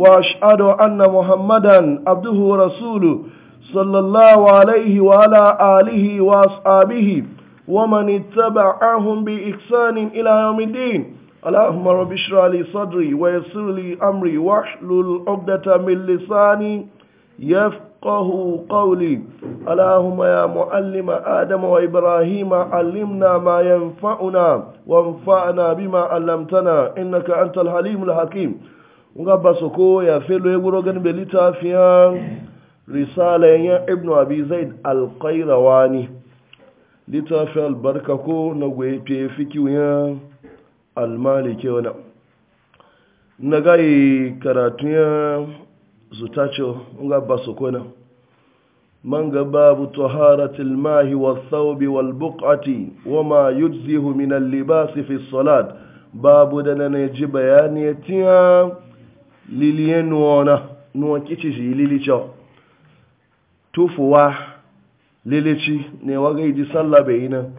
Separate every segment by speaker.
Speaker 1: وأشهد أن محمدا عبده ورسوله صلى الله عليه وعلى آله وأصحابه ومن اتبعهم بإحسان إلى يوم الدين اللهم رب اشرح لي صدري ويسر لي أمري واحلل عقدة من لساني يفقه قولي اللهم يا معلم آدم وإبراهيم علمنا ما ينفعنا وانفعنا بما علمتنا إنك أنت الحليم الحكيم nga baso ko ya felo ya wuro gani bai littafiyan risalayen ya ibnu abi zaid alqairawani littafin albarka ko na gwefe fikiyoyin almalike wani na karatu karatun zutacho nga baso soko na man babu taharatul mahi wasaubi wal buqati wama yujzihu min al-libasi fi salat babu da na ji bayani tiya liliye nuwana nuwa kici shi lili tufuwa lilici ne waga iji sallah bai yi nan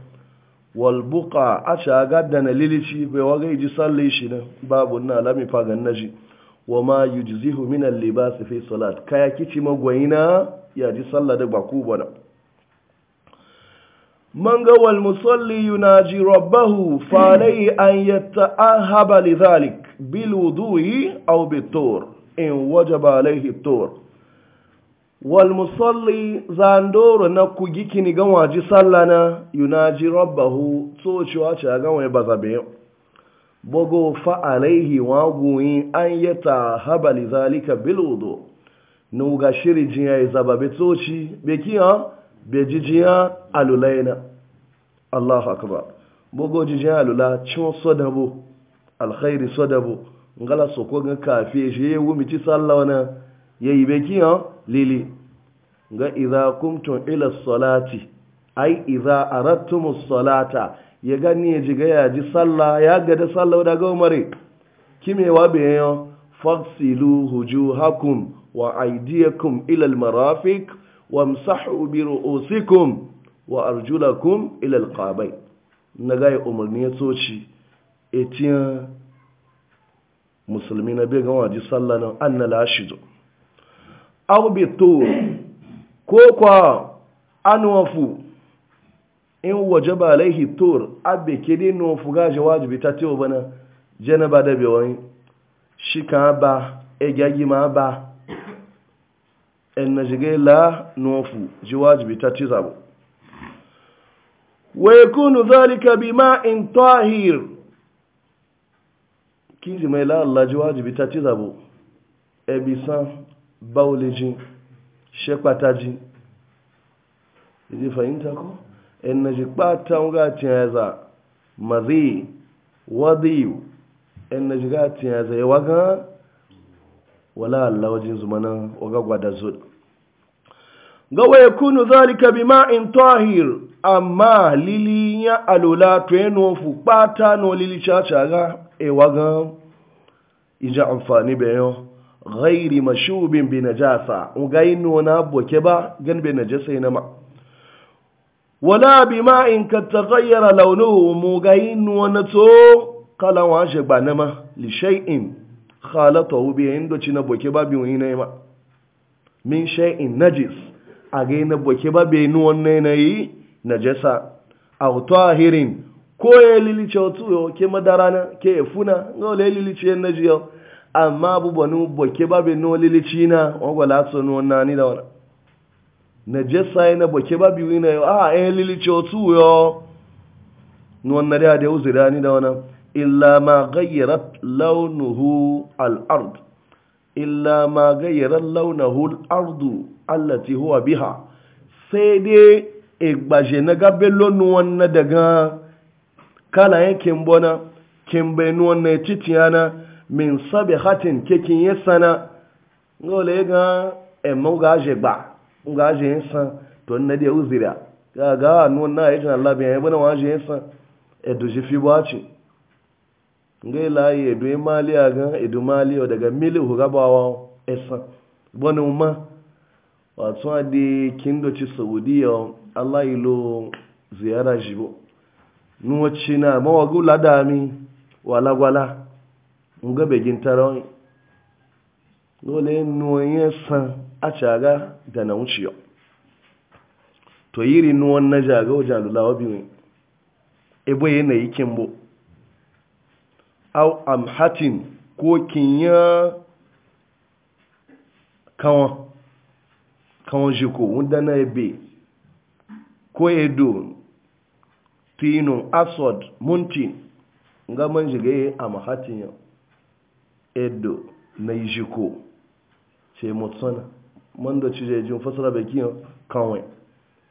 Speaker 1: walbuka a shagar da na lilici bai waga iji salla shi nan babu na lami fagan na ji wa ma yujzihu min al fi salat kaya kici magwayina ya ji salla da baku bana manga wal musalli yunaji rabbahu fa alayhi an yata'ahaba lidhalik بالوضوء أو بالطور إن وجب عليه الطور والمصلي زاندور نكو جيكي نغوى جي صلنا يناجي ربه توشي واشا غوى بزبي بغو فعليه واغوي أن يتهب لذلك بالوضوء نوغا شيري جيا زبابي توشي بكيا بجيجيا ألولينا الله أكبر بوغو جيجيا ألولا چون صدبو alkhairi sadabu ngala soko ga kafi shi yewu mi ci sallah wana yayi be kiyo lili ga idza kumtum ila salati ai idza aradtum salata ya gani ya jiga ya ji sallah ya gada da sallah da ga kime wa be yo fagsilu hujuhakum wa aydiyakum ila almarafiq wamsahu bi ru'usikum wa arjulakum ila alqabain naga ya umarni ya soci etiyan musulmi na bai gawa ji sallah nan an na lashido arbito ko kwa anuwafu in waje ba laihi tor abe kede nuwafu gaji wajibi ta tewa bana jana ba da bewani shi ka ba egagi ma ba en na jige la nuwafu ji wajibi ta ci zabo wa yakunu dhalika bima'in tahir kiji mai la'alla wajibi ta ti zabo ebisan bauleji shekwataji iji fahimta ko ina ji kpata ga mazi wadiyu ina ji ga tiyaza ya waga wala Allah wajen zumanan waga gwada zuwa ga waya kunu zalika bi ma'in tahir amma lili ya alula to yano fu lili ewa ga ija amfani bai yau ghairi mashubin bi najasa ngai nona boke ba gan be najasa ina ma wala bi in ka taghayyara launuhu mu gai nona to kala wa je ba na ma li shay'in khalatahu bi doci china boke ba bi na ma min shay'in najis a gai na boke ba be nona na yi najasa aw tahirin ko ya lilice otu yau ke madara na ke ya funa ga wale lilice yan naji yau amma abubuwa ni bo ke babe no lilici na ogwa latso ni na ni da wana na jesa na bo ke babi wina yau, a ya lilice wani nari hada ya da da ni da wana illa ma gayyara launuhu al'ard illa ma gayyara launuhu al'ardu allati huwa biha sai dai egbaje na gabe lonu wannan daga kala yankin bona kin bai nuwan na titiyana min sabi hatin kekin yi sana ngole ga emu ga aje gba ga aje yin san to na da uzira ga ga nuwan na yajin Allah bai yabo na waje yin san edo ji fi baci ngai la ye do mali ga edo mali daga mili hu gabawa esa bona umma wato ade kindo ci saudiya Allah ilo ziyara jibo nuwaci na mawagu ladami walagwala nga begin tarawai dole nuwayen san a caga da na wuce to yiri nuwan na jaga wajen lulawa ebe ebo na kimbo au amhatin ko kinya kawan kawan jiko wunda na ebe ko edo fino asod muntin nga man jigaye a mahatin edo e na ijiko ce motsana man da ci jejin fasara bai kiyan kanwai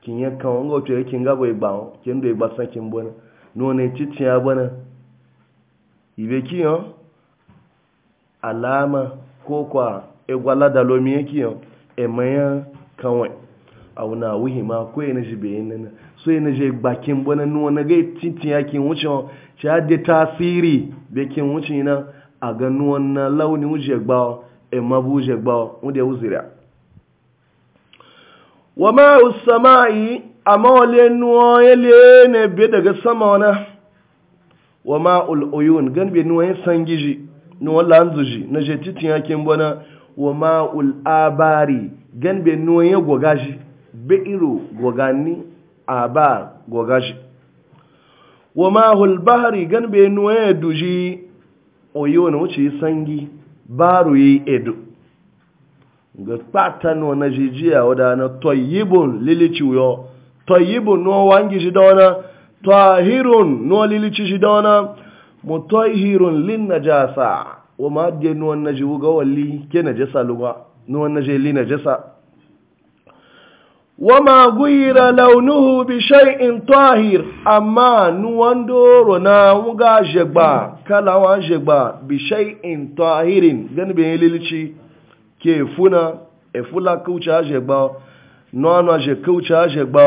Speaker 1: kin yi kanwai ga wato yakin gaba ya bawo kin da ya ba san kin bana nuna cikin ya bana ibe kiyan alama ko kwa egwala da lomi ya kiyan emayan kanwai a wuna ma ko yana shi bayan so yana je bakin bana nuna na ga titin yakin wucin shi hadde tasiri bakin wucin na a ga nuwan na launi wuje gbawa e mabu wuje gbawa wuje wuzira wa yi sama'i amma nuna nuwa le ne be daga sama wana wa ma'ul ul'oyun gan be nuwa yin sangiji nuwa lanzuji na je titin yakin bana wa ma'ul abari gan be nuwa yin gogaji be iro goganni aba gogashi wa mahul bahari gan be nuwa ya e duji oyo na wuce sangi baro yi edo ga kpata nuwa na jijiya wada na toyibun lilici wuyo toyibun nuwa wangi shi da wana tahirun no lilici shi da wana mutahirun lin jasa. wa ma je no na jiwu ga wali ke na jasa luwa nuwa na je li jasa. wama guyira launuhu bi shay'in tahir amma nuwandoro na muga jegba kala wa jegba bi shay'in tahirin gani be lilici ke funa e fula kucha jegba no anu je kucha jegba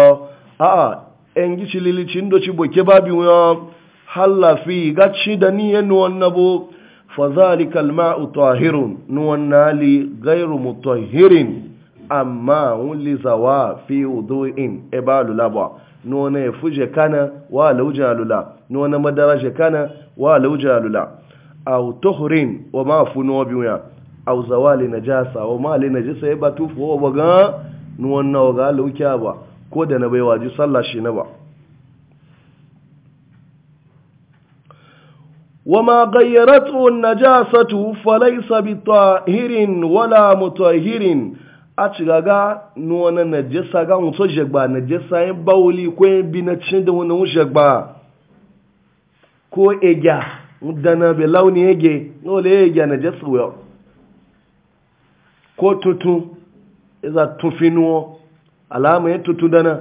Speaker 1: a a engi ci lilici ndo ci boke babi wa halla fi gachi da ni yenu wannabo fa zalika al-ma'u tahirun nuwannali ghayru mutahhirin amma wuli zawa fi wudu'in e ba lula ba nuna ya fuje kana wa lauja lula nuna madara je kana wa lauja lula au tuhurin wa ma funo biya au zawali najasa wa ma le na najasa ya e ba fo wa ga nuna ga lauka ba ko da na bai waji sallah shi na ba وما غيرته النجاسة فليس بطاهر ولا مطهر a ci ga nuwana na jesa ga mutu jagba na yin bawuli ko yin bi na cin da wani wun jagba ko egya dana be launi ege nole egya na jesa wuyo ko tutu iza tufinuwo alama ya tutu dana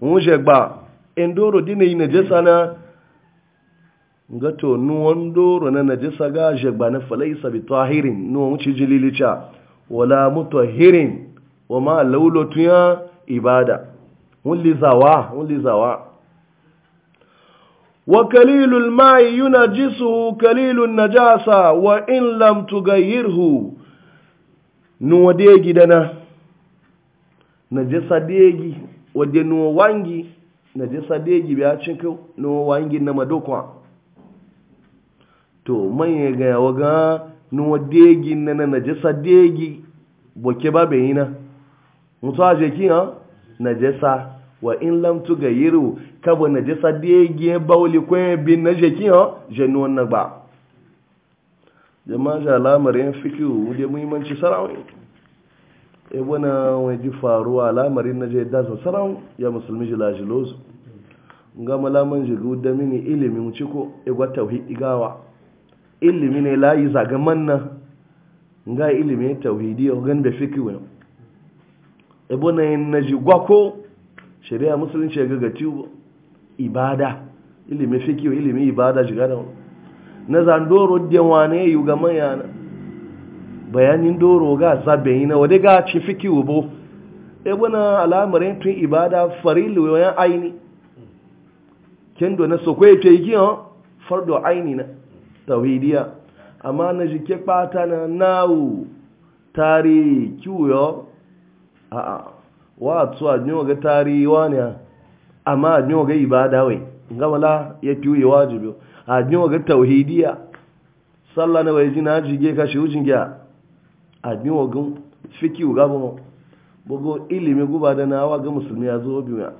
Speaker 1: wun jagba indoro dina yi na jesa na gato to nuwan doro na na ga jagba na falaisa bi tahirin nuwan wuce jililica wala mutahhirin wa ma laulatuya ibada mun lizawa wa kalilul ma'i yunajisuhu kalilun najasa wa in lam tughayyirhu nuwa degi dana najasa degi wadde nuwa wangi najasa degi biya cinka nuwa wangi na madokwa to manya ga yawa ga nuwa degi na na najasa degi boke ba bai yi na mutu a jeki ha najesa wa in lamtu tuga yiru kabo ya dege bauli kwaye bin na jeki ha jenu wannan ba jama'a ja lamarin fikihu da muhimmanci sarawai e wani ji faruwa lamarin na je dasa sarawai ya musulmi jilajilosu ga malaman jiru da mini ilimin ciko igwa e tauhid igawa ilimi ne layi zagaman nan nga ilimi tauhidi yau gan da fiki wani ebo na yin ji gwako shari'a musulunci ga gati ibada ilimi fiki ilimi ibada shiga na zandoro dewa ne yi ga mayana. bayanin doro ga zaben yi na wadai ga ci fiki bo ebo na al'amarin tun ibada farilu ya aini kendo na sokwai ta yi kiyan fardo aini na tauhidiya amma na ke kpata na nawu tari kiwuyo a a wa a jini ga tari wa ne amma a jini ga ibada wai gamala ya kiwuye wajibi a jini ga tauhidiya sallah na wai na jige ka shi wucin gya a jini ga fikiyu gaba mu bugu ilimi guba da nawa ga musulmi ya zo biya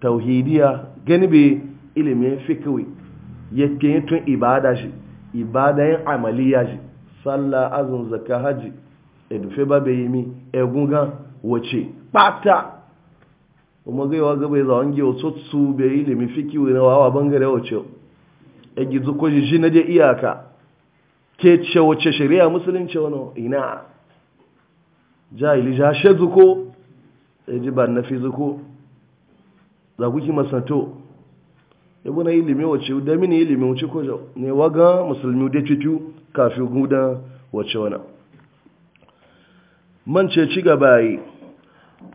Speaker 1: tauhidiya gani be ilimin fikiyu yake tun ibada shi ibadayin amaliya ji sallah azun zakka haji edufe bai yi mi egungan wace pata kuma gaiwa gaba ya zawon gewa tsotsu bai ilimi fiki wani wawa bangare wace ya gizu ko shi na je iyaka ke ce wace shari'a musulunci wani ina jahili ja she zuko ya ji na fi zuko za kuki masanto ibuna ilimi wace da mini ilimi wace ko ne waga musulmi da fitu kafin guda wace wana man ce ci gaba yi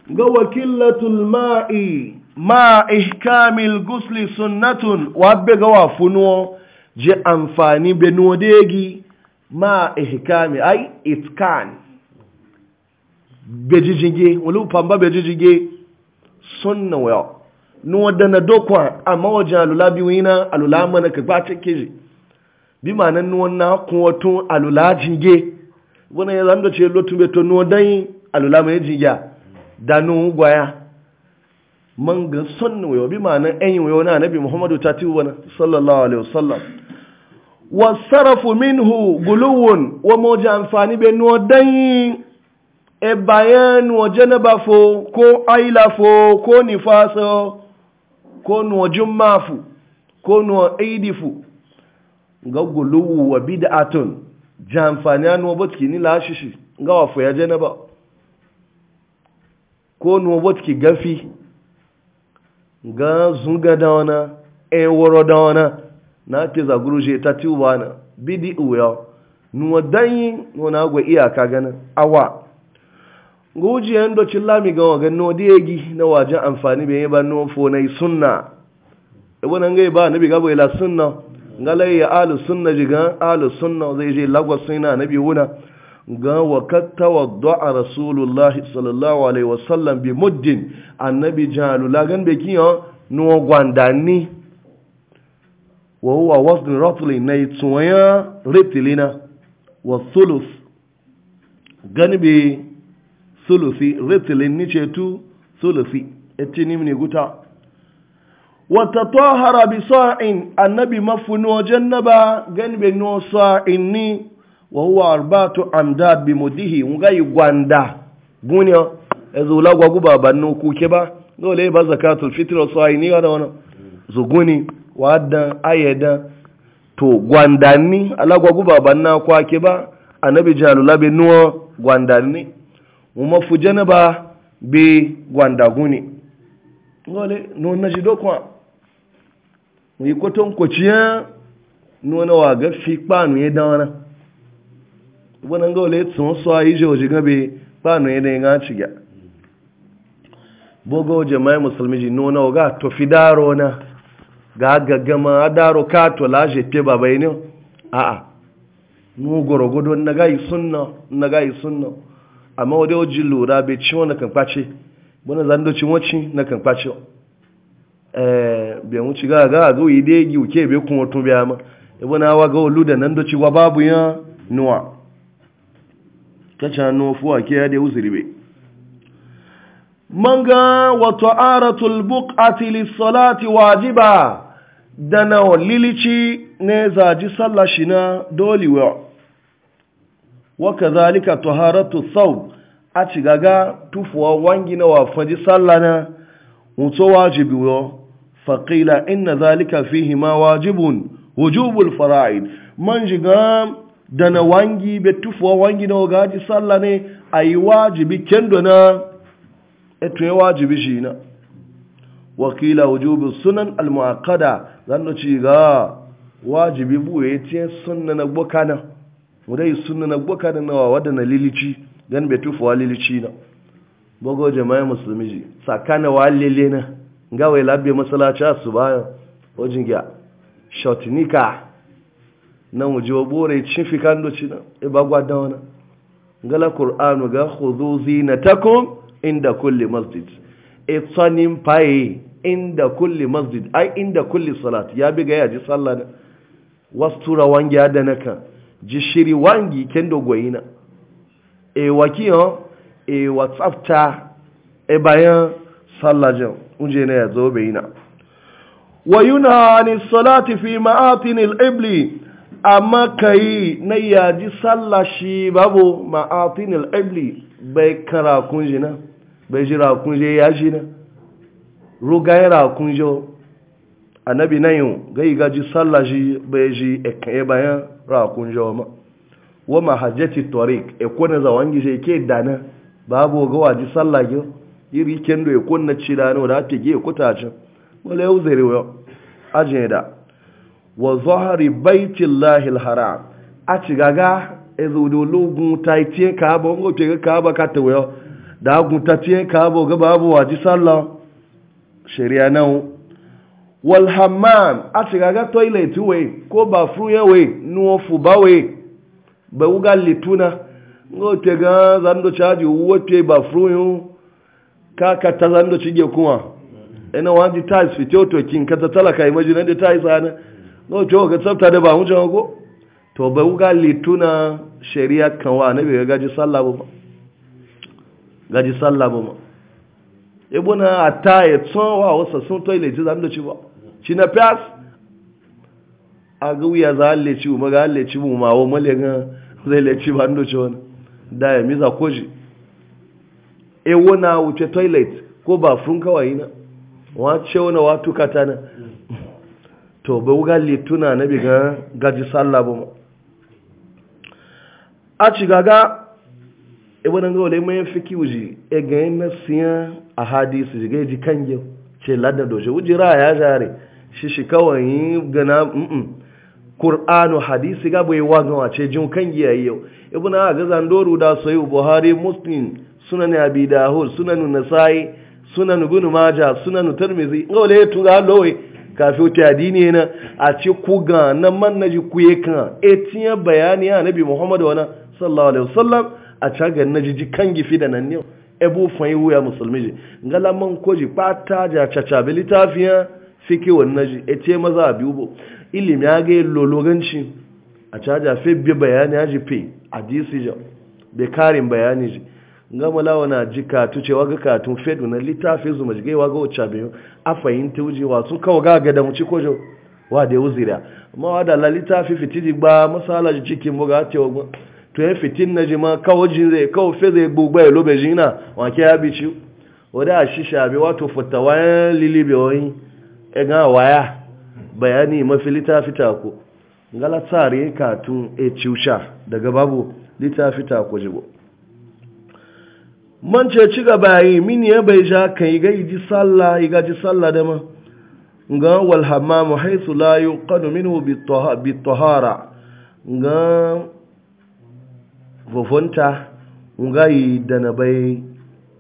Speaker 1: ga wakilatul ma'i ma ihkamil gusli sunnatun wabbe ga wafunuwa je amfani benuwa degi ma ihkami ai itkan bejijige wani pamba bejijige sunna wa ni da dokwa a wajen alula biyu yana alula mana ka ba ta keji bi ma nan ni na kuwa tun alula jinge wani ya zanda ce lotun beto ni dan yi alula mai jingya da nuwa gwaya man ga son wayo bi ma nan ɗan wayo na nabi muhammadu ta tiwo wani sallallahu alaihi wasallam wasarafu minhu guluwun wa moja amfani be ni dan yi e bayan wa janaba fo ko aila fo ko nifaso ko nuwa jummafu ko nuwa aidifu ga guluwu wa bid'atun jamfani nuwa botki ni lashishi ga wafu ya jana ba ko nuwa botki gafi ga zunga da wana e da wana na ke zaguruje ta tiwa na bidi uya nuwa danyi nuna agwa iyaka gana awa gujiyan do lami mi ga wagan no degi na wajen amfani bai yi ba no fo nay sunna e gai ba nabi gabo ila la sunna ngalai ya alu sunna jiga alu sunna zai je lagwa sunna nabi wuna ga wa do’a rasulullahi sallallahu alaihi wasallam bi muddin annabi jalu lagan be kiyo no gwandani wa huwa na ratli nay tuwaya ritilina wa thuluth gani bi. sulusi ritilin ce tu sulusi ni ne guta wata tatahara bi sa'in annabi mafuno jannaba ganbe no sa'in ni wa huwa arbatu amdad bi mudihi ngai gwanda gunyo ezula gwa guba banu kuke ba dole ba zakatul fitr wa sa'in ni da wannan zuguni adda ayyada to gwandani alagwa guba banna kwake ba annabi jalulabe no gwandani mu mafu janaba be gwanda gune ngole no na ji dokwa mu yi kwaton no na wa ga fi kpanu ya dawana wannan ngole tsun so ayi je oji gabe kpanu ya da ga ciga bogo musulmi ji no na ga to fidaro na ga gaggama daro ka to laje pe babai ne a'a mu gorogodo na ga yi sunna na ga yi sunna amma wadda lura bai ciwon na wani zandocin wacin na bai wuce eh, yi dai giwuke bai kuma e biya ma na wa ga olu nan doci wa babu ya nuwa kacha nufuwa ke ya da uzuri bai man wato aratul bukati wajiba da na lilici ne zaji sallah shi na dolewa waka zalika tuharatu sau a ci gaga tufuwa wangi na wafaji sallana, na mutu wajibi yo faƙila inna zalika fihi ma wajibun wujubul fara'id man jiga da na wangi be tufuwa wangi na wagaji sallane, a yi wajibi kendo na eto ya wajibi shi na wakila wujubul sunan al muakada zan ci ga wajibi buye ce sunna na gbokana wadai sunna na gwaka da nawa wadda na lilici don bai wa lilici na bugo jama'a musulmi ji tsakanin wa lele na gawai wai labbe masalaci su bayan Wajen gya shotnika na wujewa bore cin fi kan doci na ibagwa e da wani gala ƙur'anu ga hudu zinatakum inda kulle masjid e tsanin faye inda kulle masjid ai inda kulle salat ya bi ga yaji sallah na wasu tura gya da na kan jishiri wangi kendo gwaina e wakiyo e watsafta e bayan sallajen unje na ya zo bayina wa yuna ni salati fi ma'atin al-ibli amma kai na yaji sallashi babu ma'atin al-ibli bai kara kunjina bai jira kunje ya jina ruga ya rakunjo annabi na yin gai gaji sallaji bai ji ekaye bayan rakun jawama wa mahajjati tariq e kone za wangi je ke dana babu ga waji sallage iri kendo e konna cidano da ake ge kutacin wala yau zere wa ajin da wa zahari baitillahi alharam a ci gaga e zudo lugun taitie ka ba ngo ka ba ka tawo da gun taitie ka ba ga babu waji sallah shari'a nan wal hammam a cigaga toilet we ko bathroom ya we nuwo fuba we ba wuga lituna ngo tega zando chaji wote bathroom ka ka ta zando chige kuma ina wanji tiles fito to kin ka ta talaka imagine da tiles ana ngo to ga tsafta da ba mu jago to ba wuga lituna sharia kanwa na bai gaji ji ba ga ji ba ebona ata e wasa sun toilet zando ci ci na fas a ga wuya za a leci ga leci mu ma wa malaga zai leci ba ndo ci wani da ya miza koji e wona wuce toilet ko ba fun kawai na wa ce wona wa tukata na to ba wuga lituna na bi ga gaji sallah ba a ci gaga ibadan e ga wale mai fiki wuji e ga na nasiya a hadisi ga ji kan yau ce ladda doje wujira ya jare shi shi kawai gana Kur'anu hadisi ga bai wa a ce jin kan giyayi yau ibnu aga zandoru da soyi Buhari Muslim sunan Abi Dawud sunan Nasa'i sunan Ibn Maja, sunan Tirmidhi wale ya tura lowe kafi ta adini na a ce ku ga nan man naji ku e ya kan etiya bayani a Nabi Muhammad wana sallallahu alaihi wasallam a cagar naji ji kan gifi da nan ne ebu fayi wuya musulmi ji ngalaman koji pata ja cacabi litafiya fiki wannan ji e ce maza a biyu bu ilimi ya ga lologanci a caja fi bi bayani ya ji fi a disi ja bai karin bayani ji gama lawa na ji katu ce waga katun fedu na littafi zuma jigai waga wacce biyu a fahimta wuji wasu kawo gaga da muci kojo wa da ya wuzira amma wa da lalita fi fiti ji ba masala ji cikin buga ta yau to ya fitin na ji ma kawo jin zai kawo fe zai gbogbo ya lobe na wake ya bi ci wadda da shisha bi wato fatawa ya lilibe wani ga waya bayani mafi littafi tako gala tsari katun e ciusha daga babu littafi tako jibo man ce ci gaba yi mini ya bai ja kan yi gai ji sallah yi gaji sallah da ma ga wal haisu la kanu minhu bi tahara ga fofonta ga yi da na bai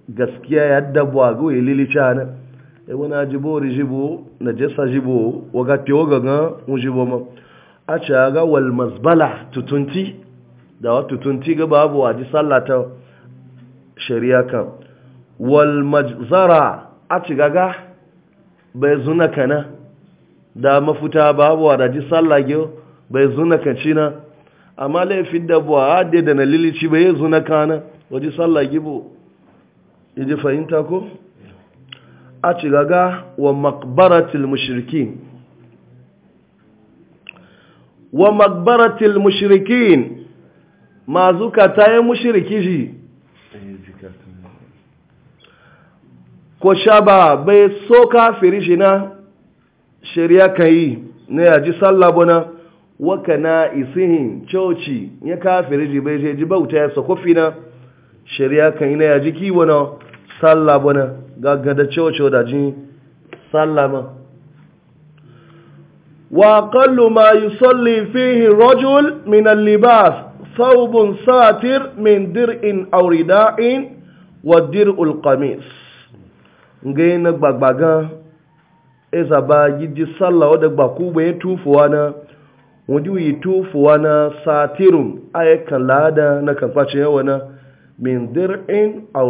Speaker 1: gaskiya ya dabwa ga wai lilicha na e wani jibo na jesa jibo waga fiye gaga un jibo ma a ga wal mazbala tutunti da wa tutunti ga babu a ji sallata shari'a kan wal mazara a ci gaga bai zuna kana da mafuta babu a da ji sallage bai zuna kan cina amma laifin da buwa a da na lilici bai zuna kana waje sallage bo ya ji fahimta ko a ci gaga wa makbaratil mushrikin wa makbaratil mushrikin ma zuka ta mushriki shi ko sha bai so kafiri shi na shari'a ka yi na yaji sallabona waka na isihin coci ya kafiri ji bai je ji bauta ya kofi na shari'a ka yi na yaji kiwo na bana. gagada cewa da jini sallama wa kallu ma yusalli fihi rajul minan libas saubun satir min dir'in aw rida'in wa dir'ul qamis ngai na gbagbaga eza ba gidi sallah wadda gbaku bai tufuwa na wadda yi tufuwa na satirun ayyukan lada na kamfashin yawa na min dir'in aw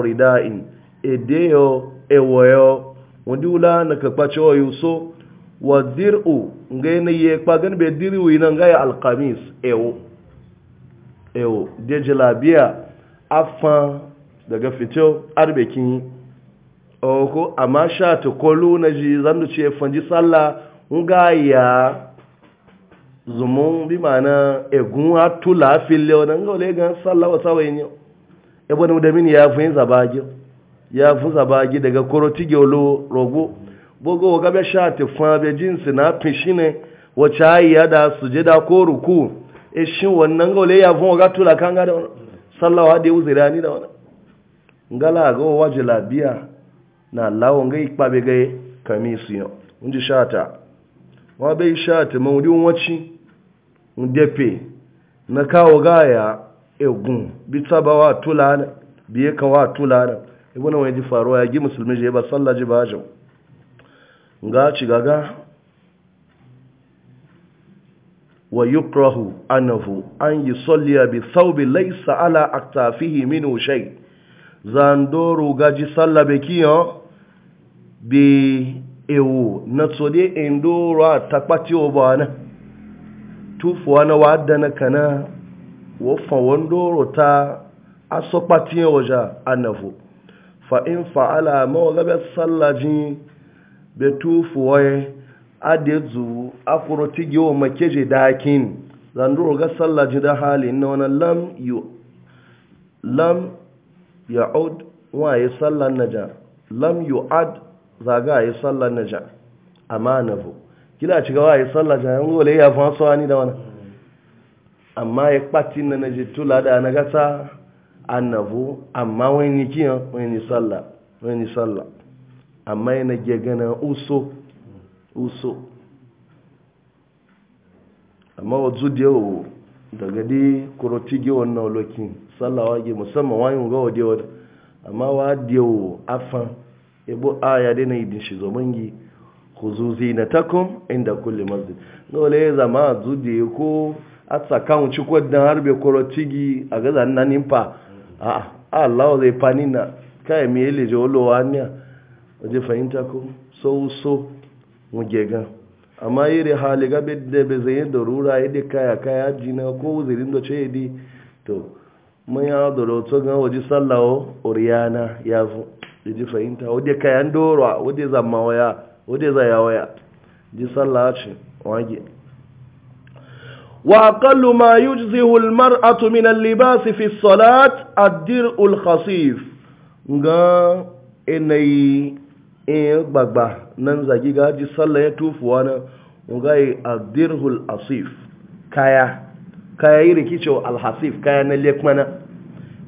Speaker 1: edeyo ewayo wadi wula na kakpa cewa yuso wa dir'u nga yana yi kpa gani bai dir'u yi nan gaya alkamis ewo ewo de bia afa daga fito arbekin ko amma sha ta kolo na ji zan ce fanji salla nga ya zumun bi mana egun atula fili wadanda ga wale gan sallah wata wayin yau ebe da mini ya fahimta ba gil ya baagi daga koroti gyolo rogo bogo waga be shati fa be jinsi na pishine wace ayi ya da sujada ko ruku e shin wannan gole ya fun waga tula kanga da da sallawa da uzira ni da wannan ngala ga waje labiya na lawo ngai kpabe ga kamisi yo unji shata wa be shati maudi wachi ndepe na kawo gaya egun bitabawa tulana biye kawa tulana ibuna wani ji faruwa ya gi musulmi je ba sallah ji ba jau ga ci gaga wa yukrahu anahu an yi salliya bi thawbi laysa ala aktafihi minu shay zandoro gaji sallah be kiyo bi ewu na tsode indoro takpati obana tufuwa na wadda na kana wofan wandoro ta asopati waje annafu fa'in fa'ala mawagabar tsallajin betufuwai adezu akwuru tigiyo makeje dakin zanduru ga tsallajin da hali na wani lam yu lam ya'ud waye tsallan naja lam yu'ad zaga yi tsallan naja amma na bu kila ci gawa yi tsallaja yan gole ya fasuwa ni da wani amma ya kpatin na naje tula da na gasa annabu amma wani kiyan wani sallah wani sallah amma yana gegana uso uso amma wazu da yawo daga dai kurotigi wannan lokin wa ge musamman wani ga wade wata amma wa da yawo afan ibo aya dai na idin shi zomangi huzuzi na takum inda kulle masjid dole wale ya zama zude ko a tsakawun cikwar don harbe kurotigi a gaza nan fa a Allah zai fani na kai mi ile je olowa ni a waje fahimta ko so so mu gegan amma yiri hali ga bidde be zai da rura yadda kaya kaya jina ko zirin da ce di to mun ya da roto gan, waje sallawo oriyana ya fu Waje fahimta waje kayan doro waje zamma waya waje zaya waya ji sallawa ce wage وأقل ما يجزه المرأة من اللباس في الصلاة الدرء khasif ga inayi in gbagba nan zagi gaji sallah ya tufuwa na ngai abdirhul asif kaya kaya yi rikicewa alhasif kaya na lekmana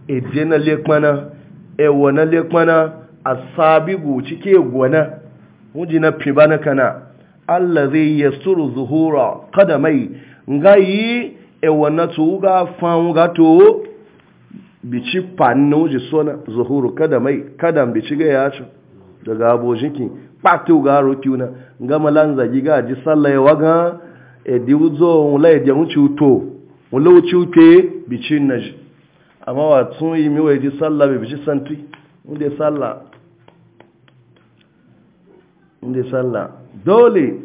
Speaker 1: eje na lekmana ewa na lekmana asabigu cike gwana wuji na fiba na kana allazi yasturu zuhura qadamai nga yi ewa na tsoga fan gato bici pannu ji sona zuhuru kada mai kada bici ga ya daga daga abojinki patu ga rotiuna nga malan zagi ga ji sallaye waga e diuzo wala e diun ci uto wala uci ci uke bici naji amma wa tun yi mi wai ji salla be bici santi inde salla inde salla dole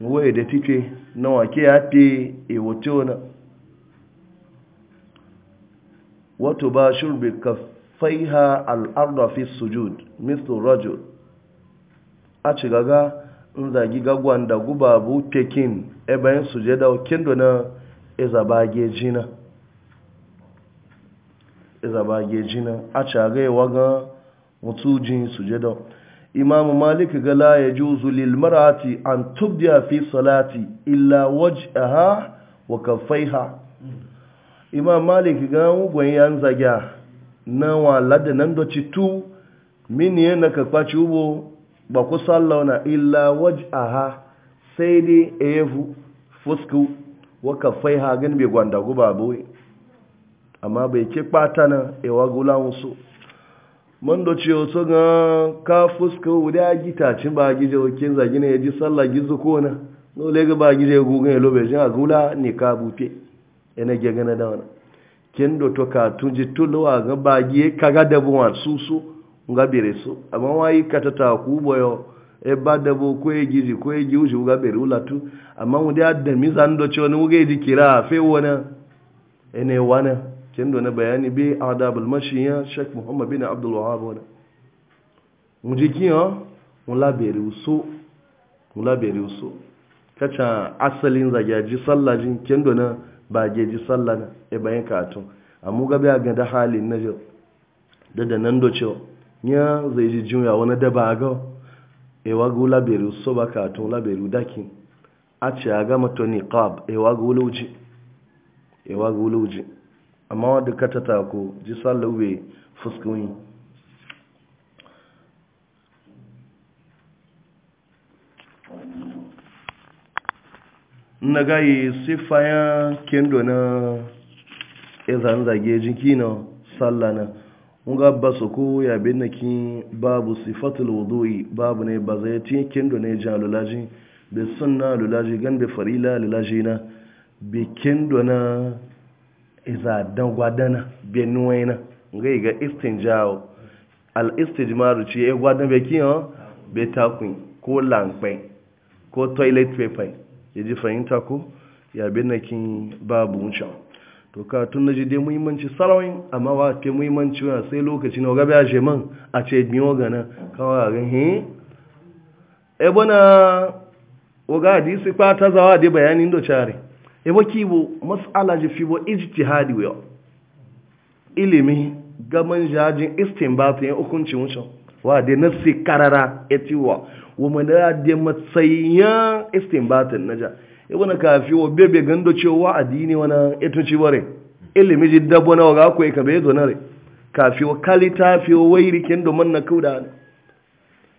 Speaker 1: waye da tife na wake ya fi ewote wani wato ba shurbe kafai ha al'arda fi sujud mr rajul a ci gaga gagwan da guba bu pekin ebayin sujeda kindo na izabage e jina izabage e jina a ci gaga e waga mutu jin imamu malik ga la ya juzu lil mar'ati an tubdiya fi salati illa waj'aha wa kaffaiha imam malik ga gwan yan zagya na wa da nan doci tu min ye na ci cubo ba ku sallauna illa waj'aha sai dai evu fusku wa kaffaiha gan bai gwanda guba amma bai ke kpata na ewa gulan su man da ce wato ga ka fuska wuda gitacin ba gije wakin zagi ne ya ji sallah gizo ko na dole ga ba gije gugun ya lobe jin agula ne ka bufe yana na gana da wani kin do to ka tun ji tuluwa ga ba giye kaga da buwa susu ga bere su amma wai ka ta ta ku boyo e ba da bo ko e gizi ko e gi uji ga bere ulatu amma wuda da mi zan do ce wani wuga ji kira fe wona ene wana kendo na bayani be adabul ya Sheikh Muhammad bin Abdul Wahhab wala mujiki ha mulabere uso mulabere uso kacha asalin zagaji sallajin kendo na bageji sallana e bayan katun amma ga ba ga da halin na jo da da nan do cewa nya zai ji juya wani daba ga e wa ga labere uso ba katun labere daki a ce gama mato niqab e wa ga wuluji e wa ga wuluji amma wadda ka ta tako ji sallawe fuskuni na gaye sifayen kendo na izan zage jinki na salla na nga basu ko ya binna ki babu sifatul wudu'i babu ne ba zai ti kendo ne jan lulaji da sunna lulaji gan be farila lulaji na bi kendo na iza dagwadana benuwaina ngai ga istinjawo al-istijmaru ci e be kiyan be takwin ko lankwai ko toilet paper ya ji fahimta ko ya na babu wucin to ka tun na ji dai muhimmanci sarawin amma wa ke muhimmanci wa sai lokaci na gabe a man a ce biyo gana kawai e a kwata zawa dai bayanin ebo wo mas'ala je fi wo ijtihadi wo ilimi gaman jajin istinbat yin hukuncin wucin wa de nasi karara etiwa mun da de matsayin istinbatin naja ebo na fi wo bebe gando cewa addini wana ci bare ilimi ji dabbo na ga ko e ka bezo na re ka fi wo kalita fi wo wairi kendo man na kuda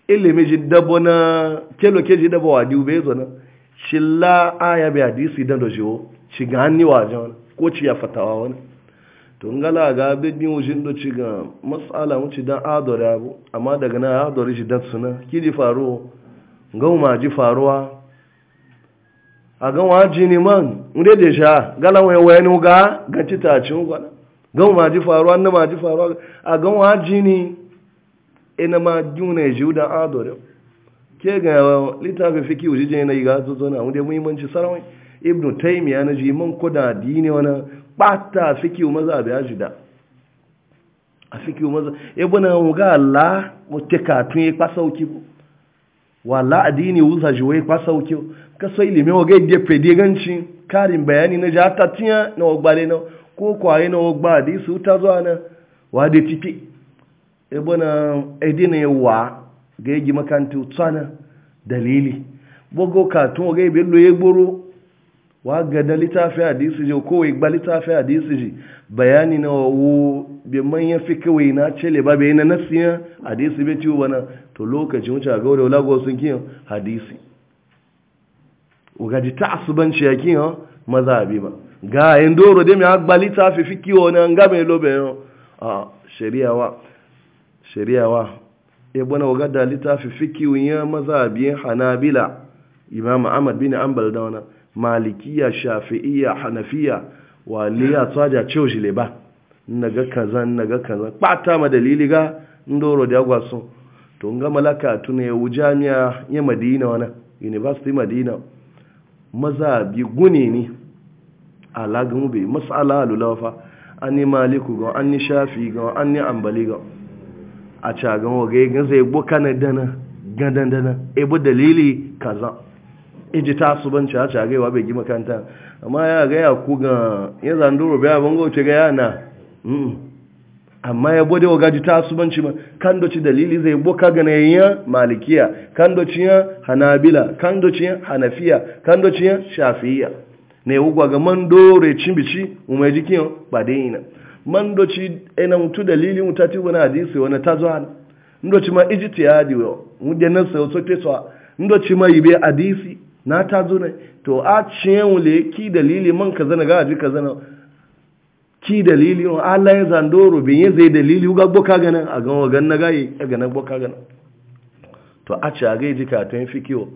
Speaker 1: ilimi ji dabbo na kelo ke ji dabbo wa di bezo na ci la aya bi hadisi dan da jiwo ci ga hanni wajen ko ci ya fatawa wani to ngala ga bidin wujin do ci ga mas'ala mu ci dan adore abu amma daga na adore shi dan suna kidi faru ngau ma ji faruwa a ga waji ne man inda da sha gala wai wai nu ga ga ci ta ci ngwana ngau ma ji faruwa na ma ji faruwa a ga waji ne ina ma juna ji dan adore ke ga littafin fiki wajen jini na yi gazo zona wanda muhimmanci sarawai ibn taimiya na ji man kuda dini wani bata fiki maza a biya da. a fiki maza ibu na wuga Allah mutu tun yi kwasa uki bu a dini wuza ji wai kwasa uki ka so ilimin waga yadda fede ganci karin bayani na jata tiya na wagbale na ko kwaye na wagba da su ta zuwa na wa da tiki ibu na edina ya wa ga yi makanta tsana dalili gbogbo katon ga ibe lo ya gboro wa ga da littafi hadisi ji ko wai gba littafi hadisi ji bayani na wawo bai manyan fi kawai na cele ba bai na nasiya hadisi bai ciwo bana to lokacin wuce a gaura wala sun kiyan hadisi ugaji ta asubanci ya kiyan maza abi ba ga yin doro dai mai gba littafi fi kiwo na ga lobe yau a shari'a wa shari'a wa ibn wagada littafi fikiyu ya mazhabin hanabila imam ahmad bin ambal da wani. malikiya shafi'iyya hanafiya waliya tsaja cewa shi le ba naga kaza naga kaza kwata ma dalili ga ndoro da gwaso to nga malaka tuna ya wujamiya ya madina wana university madina mazhabi gune ne alagan bai mas'ala fa. an ni maliku ga an ni shafi ga an ni ambali ga a cagan waje yin zai gbo na dana gandan dana e dalili kaza iji e ta su ban ca cagaiwa bai gima kanta amma ya ga ya ku ga ya zanduro bai abin gauce ga yana hmm. amma ya bude bode wa ta tasubanci ba kan doci dalili zai boka ganayya malikiya kan ya? hanabila kan ya? hanafiya kan ya? shafiya ne ugwa ga man dore cimbici umar jikin ba dai na. man doci ina mutu dalili mutu ti wani hadisi wani ta zuwa ndoci ma ijiti ya hadi wa mude nan sai so teso ndoci ma yibe hadisi na ta zo ne to a ciyen wule ki dalili man ka zana gaji ka zana ki dalili on Allah ya zandoro bin ya zai dalili ga boka ganan a ga wagan na gaye ga nan boka ganan to a ci a ga ji ka tun fikiyo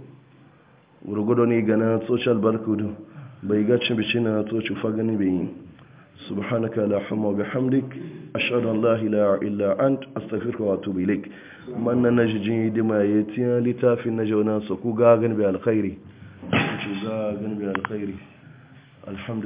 Speaker 1: gurgudo ne ganan social barkudu bai ga cin bicin na to ci fa gani bai yi سبحانك لا حمى وبحمدك أشهد أن لا إله إلا أنت أستغفرك وأتوب إليك من نجي دما يتيا لتافي نجونا سكو غاغن بالخير غاغن بالخير الحمد